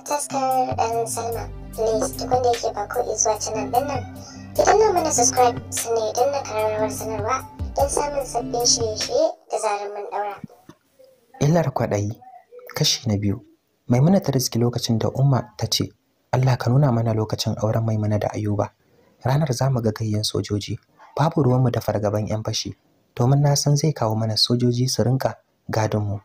da taskar ɗan salma please duk wanda yake ba ko zuwa canal nan ki danna mana subscribe sannan idan na kararrawar sanarwa don samun sabbin shirye-shirye da zarar mun ɗaura. illar kwaɗayi kashi na biyu maimuna ta riski lokacin da umma ta ce allah ka nuna mana lokacin auren maimuna da ayuba ranar za mu ga gayyen sojoji babu ruwanmu da fargaban 'yan fashi domin na san zai kawo mana sojoji su rinka gadinmu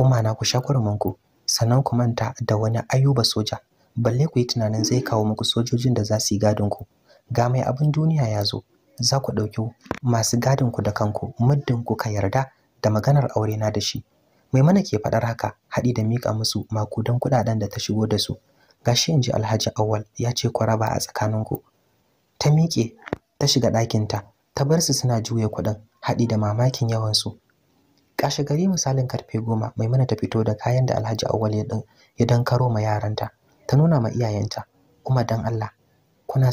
umma na ku sha kurmanku sannan ku manta da wani ayuba soja balle ku yi tunanin zai kawo muku sojojin da za su yi gadin ku ga mai abin duniya ya zo za ku ɗauki masu gadin ku da kanku muddin ku ka yarda da maganar aure na da shi mai mana ke faɗar haka haɗi da miƙa musu makudan kuɗaɗen da ta shigo da su gashi in ji alhaji awal ya ce kwaraba a tsakanin ku ta miƙe ta shiga ɗakinta ta bar su suna juya kuɗin haɗi da mamakin yawansu Kashe gari misalin karfe goma Maimuna ta fito da kayan da Alhaji Awwal ya dan ya karo ma yaranta. Ta nuna ma iyayenta, kuma dan Allah, kuna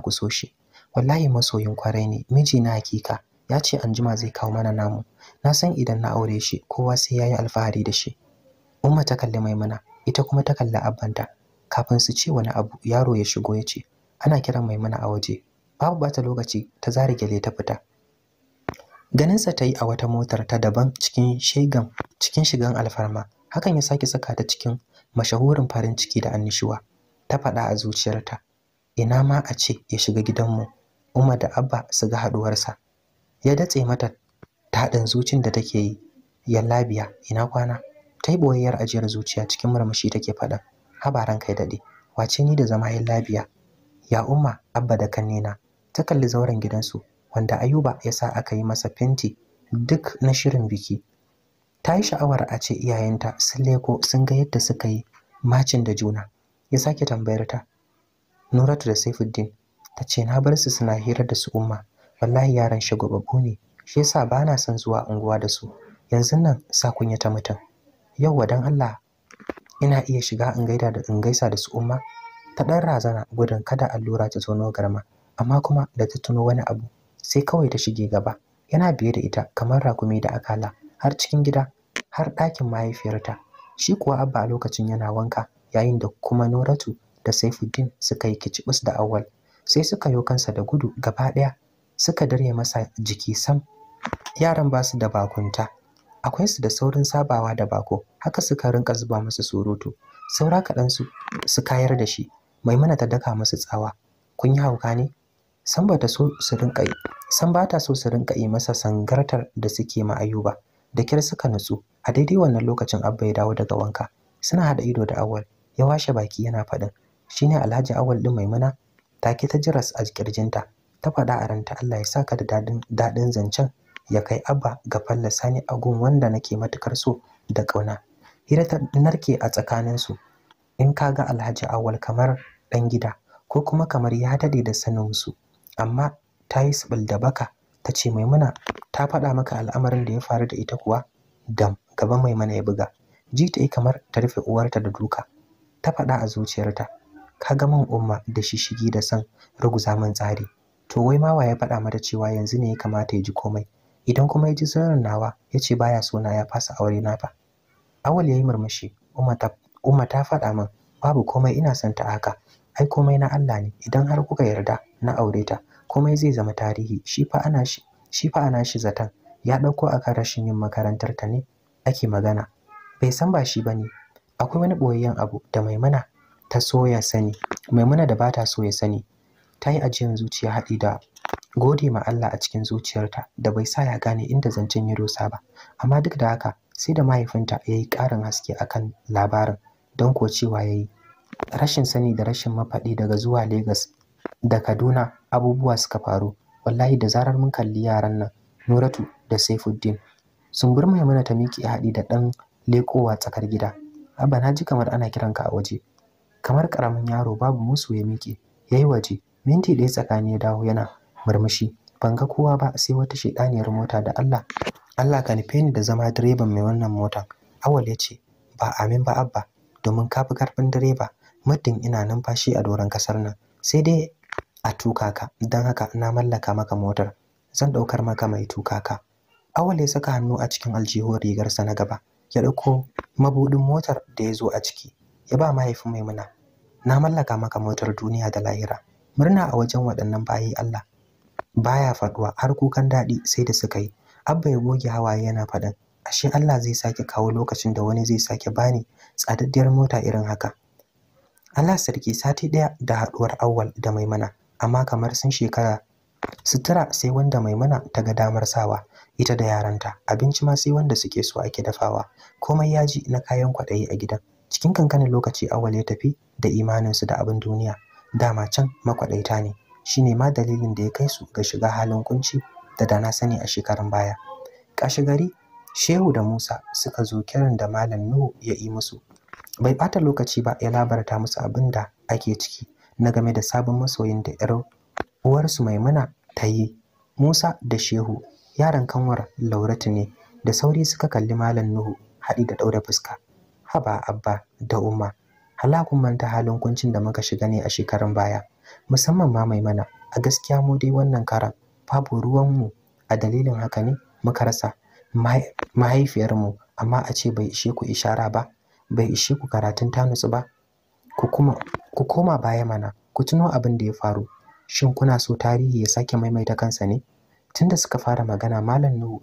ku so shi. Wallahi masoyin kwarai ne, miji na hakika. Ya ce anjima zai kawo mana namu. Na san idan na aure shi, kowa sai ya yi alfahari da shi." Umma ta kalli Maimuna, ita kuma ta kalli abanta Kafin su ce wani abu, yaro ya shigo ya ce, "Ana kiran Maimuna a waje." Babu bata lokaci ta zare gyale ta fita. ganinsa ta yi a wata motar ta daban cikin shigan cikin shigan alfarma hakan ya sake saka ta cikin mashahurin farin ciki da annishuwa ta faɗa a zuciyarta ina ma a ce ya shiga gidanmu Umma da Abba su ga haɗuwarsa ya datse mata ta taɗin zucin da take yi ya labiya, ina kwana ta yi boyayyar ajiyar zuciya cikin murmushi take faɗa ran kai daɗe wace ni da zama labiya? ya Umma Abba da kannina ta kalli zauren gidansu wanda Ayuba ya sa aka yi masa fenti duk na shirin biki. Ta yi sha'awar a ce iyayenta sun leko sun ga yadda suka yi macin da juna. Ya sake tambayar ta. Nuratu da Saifuddin ta ce na bar su suna hira da su umma. Wallahi yaran shagwababbu ne. Shi yasa ba na son zuwa unguwa da su. Yanzu nan sa kunya ta mutum. Yauwa dan Allah ina iya shiga in gaida da in gaisa da su umma. Ta ɗan razana gudun kada allura ta tono garma. Amma kuma da ta tuno wani abu sai kawai ta shige gaba yana biye da ita kamar rakumi da akala har cikin gida har ɗakin mahaifiyarta shi kuwa abba a lokacin yana wanka yayin da kuma noratu da saifuddin suka yi kicibis da awal sai suka yo kansa da gudu gaba ɗaya suka dare masa jiki sam yaran ba su da bakunta akwai su da saurin sabawa da bako haka suka rinka zuba masa surutu saura kaɗan su su kayar da shi maimuna ta daka masu tsawa kun yi hauka ne san ba ta so su rinka san ba ta so su rinka yi masa sangartar da suke ma ayuba da kyar suka nutsu a daidai wannan lokacin abba ya dawo daga wanka suna haɗa ido da awal ya washe baki yana faɗin shine alhaji awal ɗin maimuna take ta jiras a kirjinta ta faɗa a ranta Allah ya saka da daɗin daɗin zancen ya kai abba ga falla sani a gun wanda nake matukar so da ƙauna hira ta narke a tsakanin su in ka ga alhaji awal kamar ɗan gida ko kuma kamar ya daɗe da sanin su amma ta yi siɓil da baka ta ce maimuna ta faɗa maka al'amarin da ya faru da ita kuwa dam gaban maimuna ya buga ji ta yi kamar ta rufe uwarta da duka ta faɗa a zuciyarta ka ga man umma da shishigi da san ruguza man tsari to wai ma ya faɗa mata cewa yanzu ne ya kamata ya ji komai idan kuma ya ji sauran nawa ya ce baya sona ya fasa aure na fa awal ya yi murmushi umma ta faɗa min babu komai ina son ta haka ai komai na Allah ne idan har kuka yarda na aure ta komai zai zama tarihi shi fa ana shi zaton ya ɗauko akan rashin yin makarantar ta ne ake magana bai san ba shi bane akwai wani ɓoyayyen abu da maimuna ta soya sani maimuna da ba ta so ya sani ta yi ajiyar zuciya haɗi da gode ma Allah a cikin zuciyarta da bai sa ya gane inda zancen ya dosa ba amma duk da haka sai da mahaifinta ya yi ƙarin haske akan labarin don ko cewa ya yi rashin sani da rashin mafaɗi daga zuwa Legas da Kaduna abubuwa suka faru wallahi da zarar mun kalli yaran nan Nuratu da Saifuddin sumbur Maimuna ta miki haɗi da ɗan lekowa tsakar gida Abba na ji kamar ana kiranka a waje kamar karamin yaro babu musu ya miki yayi waje minti ɗaya tsakani ya dawo yana murmushi ban ga kowa ba sai wata shedaniyar mota da Allah Allah ka nufe ni da zama direban mai wannan motan awal ya ce ba amin ba abba domin ka fi karfin direba muddin ina numfashi a doron kasar nan sai dai a tuka ka don haka na mallaka maka motar zan ɗaukar maka mai tuka ka awale ya saka hannu a cikin aljihuwar rigarsa na gaba ya ɗauko mabuɗin motar da ya zo a ciki ya ba mahaifin maimuna na mallaka maka motar duniya da lahira murna a wajen waɗannan bayi Allah baya faɗuwa. har kukan daɗi sai da suka yi abba ya goge hawaye yana faɗan. ashe Allah zai sake kawo lokacin da wani zai sake bani tsadaddiyar mota irin haka Allah sarki sati ɗaya da haɗuwar awwal da maimuna amma kamar sun shekara sutura sai wanda maimuna ta ga damar sawa ita da yaranta abinci ma sai wanda suke so ake dafawa komai yaji na kayan kwaɗayi a gidan cikin kankanin lokaci awwal ya tafi da imaninsu da abin duniya dama can makwaɗaita ne shine ma dalilin da ya kai su ga shiga halin kunci da dana sani a shekarun baya kashi gari shehu da musa suka zo kiran da malam nuhu ya yi musu bai bata lokaci ba ya labarta musu abin da ake ciki na game da sabon masoyin da yar uwarsu maimuna ta yi musa da shehu yaran kanwar lauratu ne da sauri suka kalli malam nuhu haɗi da ɗaure fuska haba abba da umma halakun manta halin kuncin da muka shiga ne a shekarun baya musamman ma maimuna a gaskiya mu dai wannan karan babu ruwanmu a dalilin haka ne muka rasa mahaifiyarmu amma a ce bai ishe ku ishara ba bai ishe ku karatun ta nutsu ba ku kuma ku koma baya mana ku tuno abin da ya faru shin kuna so tarihi ya sake maimaita kansa ne tunda suka fara magana malam Nuhu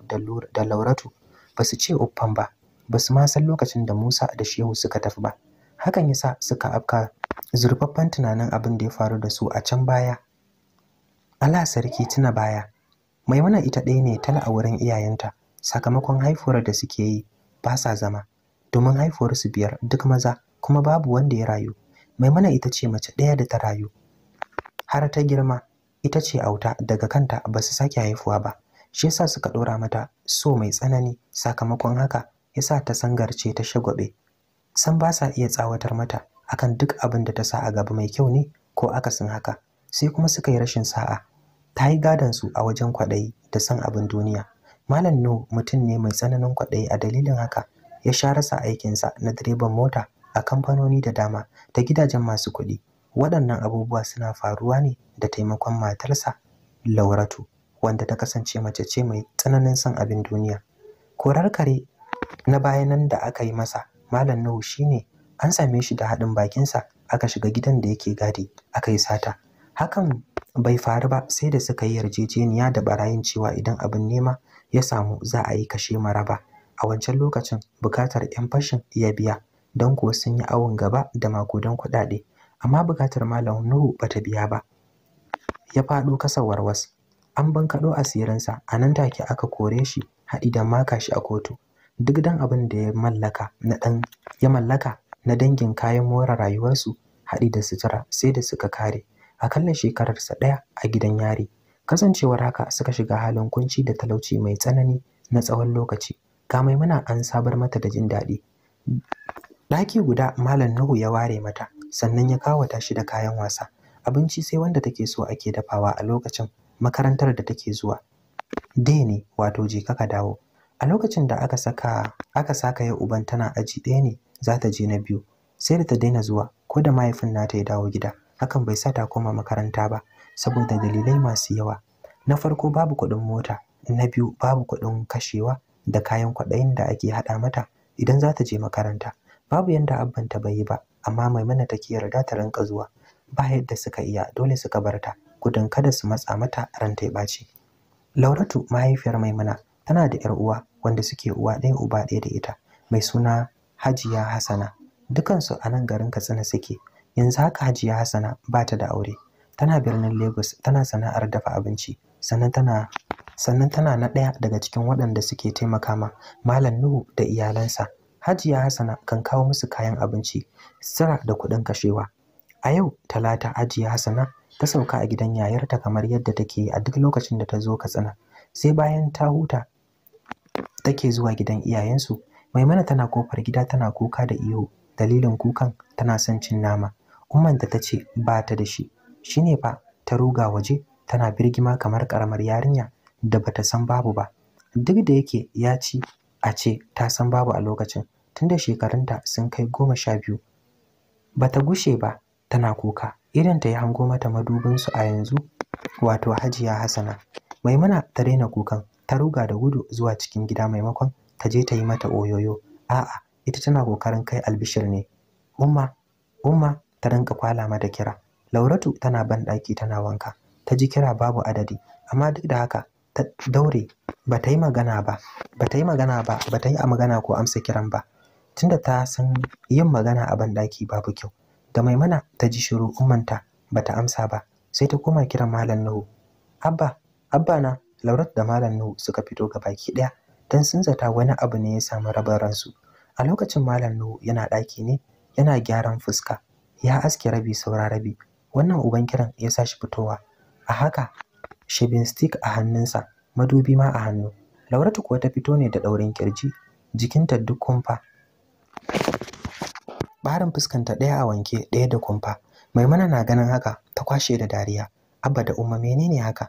da Lauratu ba su ce uffan ba ba su ma san lokacin da Musa da Shehu suka tafi ba hakan yasa suka afka zurfaffen tunanin abin da ya faru da su a can baya Allah sarki tuna baya Mai Maimuna ita ɗaya ne tala a wurin iyayenta sakamakon haifuwar da suke yi ba sa zama domin haifuwarsu biyar duk maza kuma babu wanda ya rayu maimuna ita ce mace ɗaya da ta rayu har ta girma ita ce auta daga kanta ba su sake haifuwa ba shi yasa suka ɗora mata so mai tsanani sakamakon haka yasa ta sangarce ta shagwabe san ba sa iya tsawatar mata akan duk abin da ta sa a gaba mai kyau ne ko akasin haka sai kuma suka yi rashin sa'a ta yi gadon su a wajen kwaɗayi da san abin duniya malam no mutum ne mai tsananin kwaɗayi a dalilin haka ya sha rasa aikinsa na direban mota a kamfanoni da dama ta gidajen masu kuɗi waɗannan abubuwa suna faruwa ne da taimakon matarsa lauratu wanda ta kasance mace ce mai tsananin son abin duniya korar kare na bayanan da aka yi masa malam nuhu shine an same shi da haɗin bakinsa aka shiga gidan da yake gadi aka yi sata hakan bai faru ba sai da suka yi yarjejeniya da barayin cewa idan abin nema ya samu za a yi kashe maraba a wancan lokacin bukatar 'yan fashin ya biya don kuwa sun yi awon gaba da makudan kuɗaɗe amma bukatar malam nuhu ba ta biya ba ya faɗo kasa warwas an bankaɗo asirinsa a nan take aka kore shi haɗi da maka shi a kotu duk dan abin da ya mallaka na ɗan ya mallaka na dangin kayan more rayuwarsu haɗi da sutura sai da suka kare akalla shekararsa ɗaya a gidan yari kasancewar haka suka shiga halin kunci da talauci mai tsanani na tsawon lokaci ga maimuna an sabar mata da jin daɗi ɗaki guda malam nuhu ya ware mata sannan ya kawata shi da kayan wasa abinci sai wanda take so ake dafawa a lokacin makarantar da take zuwa dai ne wato je kaka dawo a lokacin da aka saka aka saka ya uban tana aji ɗaya ne za ta je na biyu sai da ta daina zuwa ko da mahaifin nata ya dawo gida hakan bai sa ta koma makaranta ba saboda dalilai masu yawa na farko babu kuɗin mota na biyu babu kuɗin kashewa da kayan kwaɗayin da ake haɗa mata idan za ta je makaranta babu yadda abban ta bai yi ba amma maimuna take yarda ta rinka zuwa ba yadda suka iya dole suka bar ta gudun kada su matsa mata ran ta ɓaci lauratu mahaifiyar maimuna tana da yar uwa wanda suke uwa ɗaya uba ɗaya da ita mai suna hajiya Hassana. dukansu a nan garin katsina suke yanzu haka hajiya Hassana ba ta da aure tana birnin lagos tana sana'ar dafa abinci sannan tana sannan tana na ɗaya daga cikin waɗanda suke taimaka ma Malam Nuhu da iyalansa. Hajiya Hassana kan kawo musu kayan abinci, sira da kuɗin kashewa. A yau Talata Hajiya Hassana ta sauka a gidan yayarta kamar yadda take yi a duk lokacin da ta zo Katsina. Sai bayan ta huta take zuwa gidan iyayensu. Maimuna tana kofar gida tana kuka da ihu, dalilin kukan tana son cin nama. Ummanta ta ce ba ta da shi, shi ne fa ta ruga waje tana birgima kamar ƙaramar yarinya da bata san babu ba duk da yake ya ci a ce ta san babu a lokacin tun da shekarunta sun kai goma sha biyu bata gushe ba tana kuka idan ta yi hango mata madubin su a yanzu wato hajiya hasana maimuna ta daina kukan ta ruga da gudu zuwa cikin gida maimakon ta je ta yi mata oyoyo a'a ita tana kokarin kai albishir ne umma umma ta rinka kwala mata kira lauratu tana ban tana wanka ta ji kira babu adadi amma duk da haka daure ba ta yi magana ba ba ta yi magana ba ba ta yi a magana ko amsa kiran ba tunda ta san yin magana a banɗaki babu kyau da maimuna ta ji shiru ummanta ba ta amsa ba sai ta koma kiran malam nuhu abba abba na laurat da malam nuhu suka fito ga baki ɗaya don sun zata wani abu ne ya samu rabar ransu a lokacin malam nuhu yana ɗaki ne yana gyaran fuska ya aske rabi saura rabi wannan uban kiran ya sa shi fitowa a haka shaving stick a hannunsa madubi ma a hannu lauratu kuwa ta fito ne da ɗaurin kirji jikinta duk kumfa barin fuskanta ɗaya a wanke ɗaya da kumfa maimuna na ganin haka ta kwashe da dariya abba da umma menene haka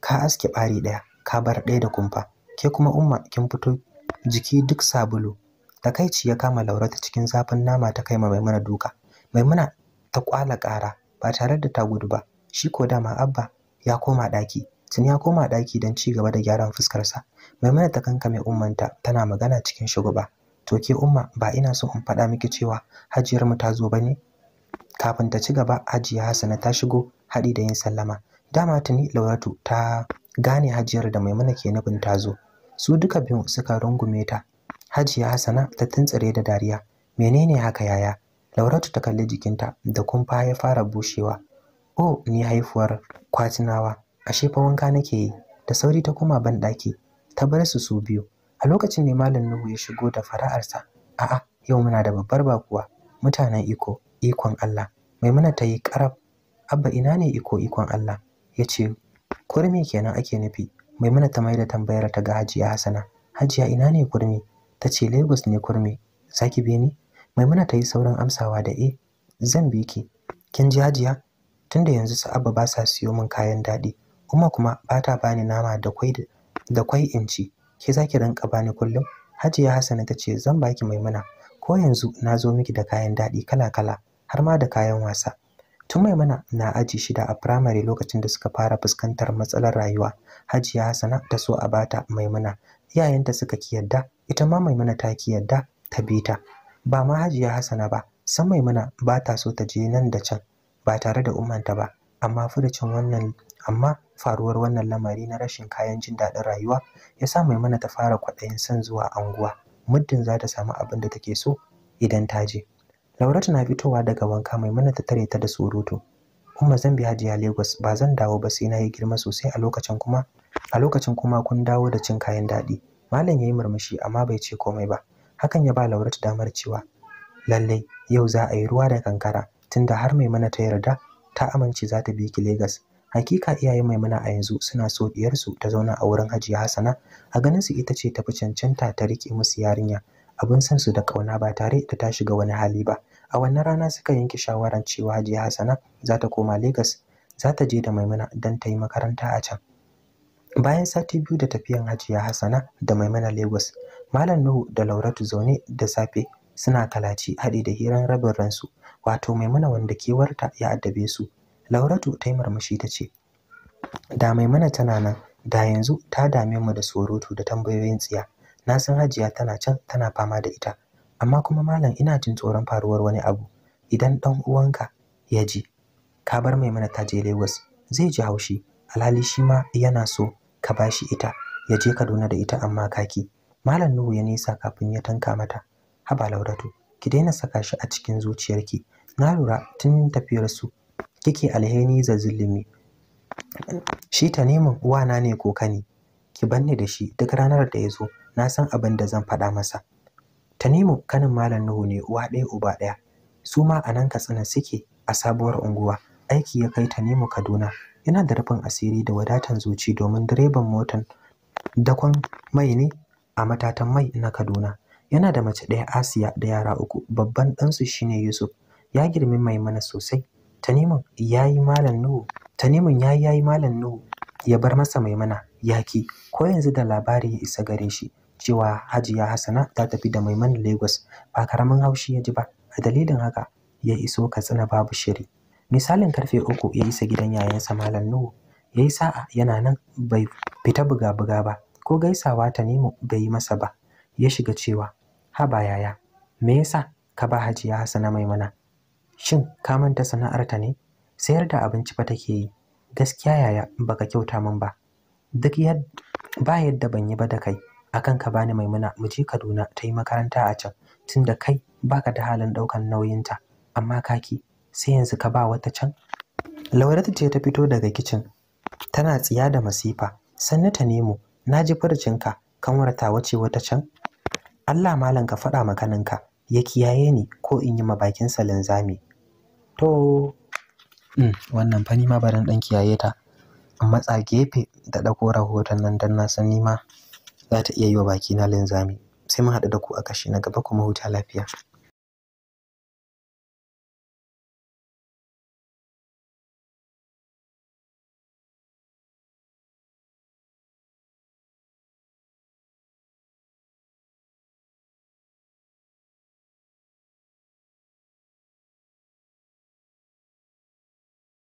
ka aske ɓari ɗaya ka bar ɗaya da kumfa ke kuma umma kin fito jiki duk sabulu takaici ya kama laurata cikin zafin nama ta kai ma maimuna duka maimuna ta kwala ƙara ba tare da ta gudu ba shi ko dama abba ya koma ɗaki tuni ya koma ɗaki don ci gaba da gyaran fuskarsa maimuna ta kankame ummanta tana magana cikin shuguba to ke umma ba ina so in faɗa miki cewa hajiyar mu ta zo ba ne kafin ta ci gaba hajiya hasana ta shigo haɗi da yin sallama dama tuni lauratu ta gane hajiyar da maimuna ke nufin ta zo su duka biyu suka rungume ta hajiya hasana ta tuntsire da dariya menene haka yaya lauratu ta kalli jikinta da kumfa ya fara bushewa oh ni haifuwar kwatinawa ashe fa wanka nake yi da sauri ta koma ban daki ta bar su su biyu a lokacin ne malam nuhu ya shigo da fara'arsa a'a yau muna da babbar bakuwa mutanen iko ikon Allah maimuna ta yi karab abba ina ne iko ikon Allah ya ce kurmi kenan ake nufi maimuna ta mai da tambayar ta ga hajiya hasana hajiya ina ne kurmi ta ce lagos ne kurmi zaki bi ni maimuna ta yi saurin amsawa da e zan bi ki kin ji hajiya Tun da yanzu Sa'aba ba sa siyo min kayan daɗi, Umma kuma ba ta bani nama da kwai da kwai in ci. Ke za rinka bani kullum? Hajiya Hassana ta ce zan baki Maimuna. Ko yanzu na zo miki da kayan daɗi kala-kala har ma da kayan wasa. Tun Maimuna na aji shida a firamare lokacin da suka fara fuskantar matsalar rayuwa. Hajiya Hassana ta so a bata Maimuna. Iyayenta suka ki yadda, ita ma Maimuna ta ki yadda ta bi ta. Ba ma Hajiya Hassana ba, san Maimuna ba ta so ta je nan da can ba tare da ta ba amma furucin wannan amma faruwar wannan lamari na rashin kayan jin daɗin rayuwa ya sa mana ta fara kwaɗayin son zuwa anguwa muddin za ta samu abin da take so idan ta je lauratu na fitowa daga wanka mai mana ta tare ta da surutu kuma zan bi hajiya lagos ba zan dawo ba sai na yi girma sosai a lokacin kuma a lokacin kuma kun dawo da cin kayan daɗi malam ya yi murmushi amma bai ce komai ba hakan ya ba lauratu damar cewa lallai yau za a yi ruwa da kankara tunda har Maimuna ta yarda ta amince za ta bi ki Legas. Hakika iyayen Maimuna a yanzu suna so diyarsu ta zauna a wurin Hajiya hasana. a ganin su ita ce ta fi cancanta ta rike musu yarinya. abun san su da kauna ba tare da ta shiga wani hali ba. A wannan rana suka yanke shawaran cewa Hajiya hasana za ta koma Legas, za ta je da Maimuna don ta yi makaranta a can. Bayan sati biyu da tafiyan Hajiya hasana da Maimuna Lagos, Malam Nuhu da Lauratu zaune da safe suna kalaci haɗi da hirar rabin ransu wato maimuna wanda kewarta ya addabe su lauratu ta yi murmushi ta ce da maimuna tana nan da yanzu ta dame mu da surutu da tambayoyin tsiya na san hajiya tana can tana fama da ita amma kuma malam ina jin tsoron faruwar wani abu idan dan uwanka ya ji ka bar maimuna ta je lagos zai ji haushi alhali shi ma yana so ka bashi ita ya je kaduna da ita amma kaki malam nuhu ya nisa kafin ya tanka mata haba lauratu ki daina saka shi a cikin zuciyarki na lura tun tafiyar su kike alheri da zulumi shi ta neman na ne ko kani ki banni da shi duk ranar da ya zo na san abin da zan faɗa masa Tanimu kanin Malam Nuhu ne uwa ɗaya uba ɗaya. Su ma a nan Katsina suke a sabuwar unguwa. Aiki ya kai Tanimu Kaduna. Yana da rufin asiri da wadatan zuci domin direban motan dakon mai ne a matatan mai na Kaduna. yana da mace ɗaya asiya da yara uku babban ɗansu shine yusuf ya girmi maimuna sosai tanimun yayi malam nuhu tanimun yayi malam nuhu ya bar masa maimuna yaki ko yanzu da labari ya isa gare shi cewa hajiya Hassana ta tafi da maimuna lagos ba karamin haushi ya ji ba a dalilin haka ya iso katsina babu shiri misalin karfe uku ya isa gidan yayansa malam nuhu ya yi sa'a yana nan bai fita buga-buga ba ko gaisawa tanimu bai yi masa ba ya shiga cewa haba yaya me yasa ka ba hajiya hasana maimuna shin ka manta sana'arta ne sayar da abinci fa take yi gaskiya yaya baka kyauta min ba duk yadda ba yadda ban yi ba da kai akan ka bani maimuna mu je kaduna ta yi makaranta a can tunda kai baka da halin daukan nauyinta amma kaki sai yanzu ka ba wata can ta ce ta fito daga kicin tana tsiya da masifa sannu ta nemo na ji furcinka kanwarta wace wata can Allah malam ka faɗa ma ka ya kiyaye ni ko in yi ma bakinsa linzami to mm, wannan fani ma barin ɗan kiyaye ta in matsa gefe da ɗauko rahoton nan don na san nima za ta iya yi wa bakina linzami sai mun haɗu da ku a kashi na gaba kuma huta lafiya